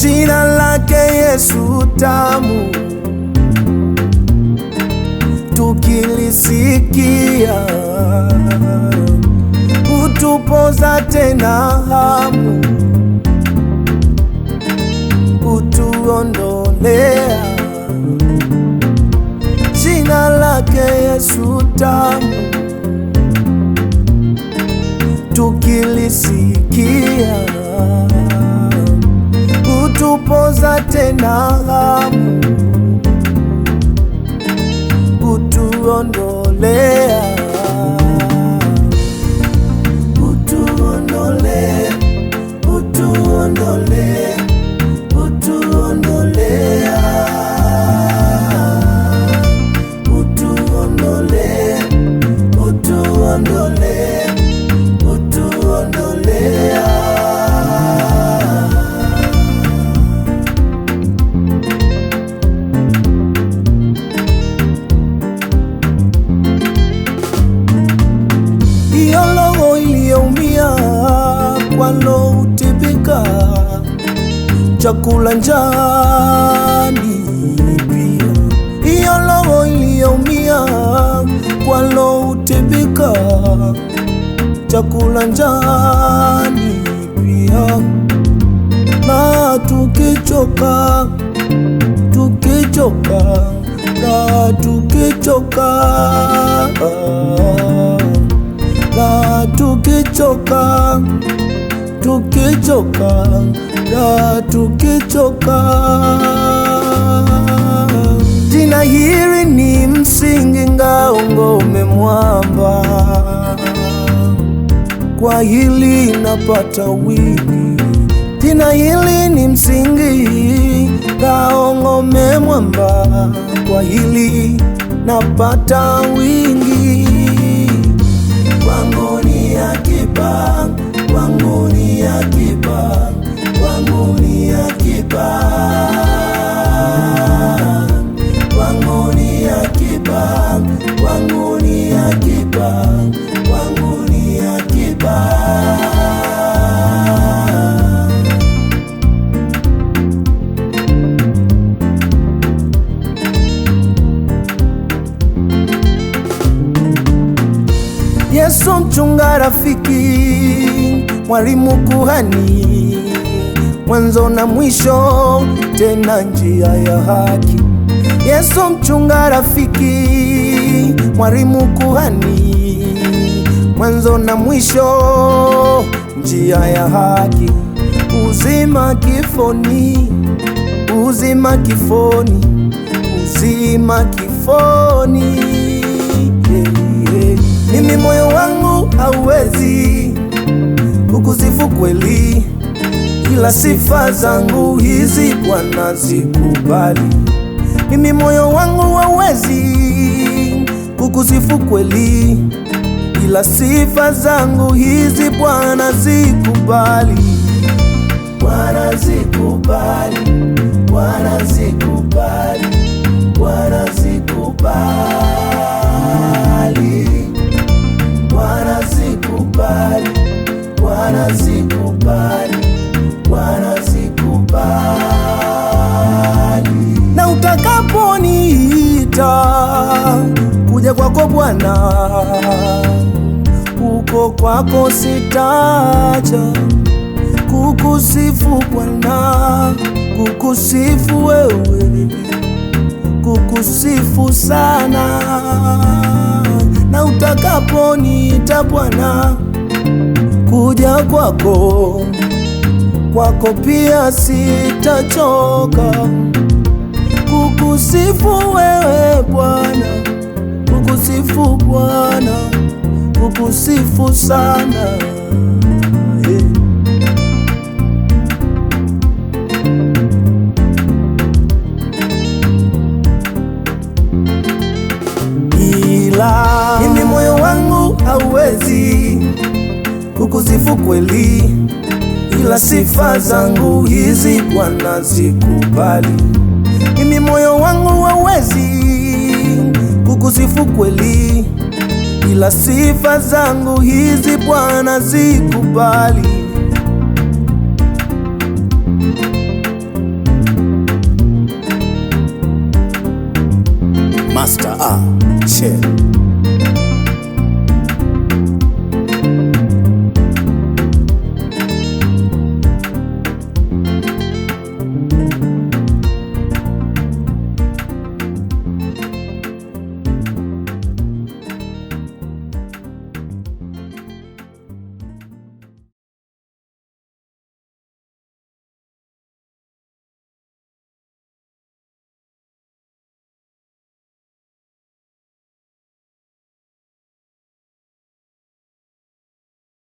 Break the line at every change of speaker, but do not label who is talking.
Jina lake Yesu tamu, tukilisikia utupoza tena hamu, hutuondolea. Jina lake Yesu tamu, tukilisikia kuanza tena. chakula njani pia, hiyo roho iliyoumia kwalo utibika chakula njani pia, na tukichoka tukichoka na tukichoka ah, na tukichoka tukichoka, raha tukichoka. Jina hili ni msingi, ngao, ngome, mwamba. Kwa hili napata wingi. Jina hili ni msingi, ngao, ngome, mwamba. Kwa hili napata wingi, kwangu ni akiba wangu ni akiba, wangu ni akiba. Kristo, mchunga rafiki, mwalimu, kuhani, mwanzo na mwisho, tena njia ya haki. Yesu, mchunga rafiki, mwalimu, kuhani, mwanzo na mwisho, njia ya haki. Uzima kifoni, uzima kifoni, uzima kifoni. Mimi moyo wangu hauwezi kukusifu kweli, ila sifa zangu hizi Bwana zikubali. Mimi moyo wangu hauwezi kukusifu kweli, ila sifa zangu hizi Bwana zikubali, Bwana zikubali, Bwana zikubali, Bwana zikubali. kwako Bwana, uko kwako sitaja kukusifu Bwana, kukusifu wewe, kukusifu sana. Na utakaponiita Bwana, kuja kwako, kwako pia sitachoka kukusifu wewe Bwana kukusifu Bwana, kukusifu sana mimi moyo wangu hauwezi kukusifu kweli, ila sifa zangu hizi Bwana zikubali, mimi moyo wangu hauwezi kukusifu kweli, ila sifa zangu hizi Bwana zikubali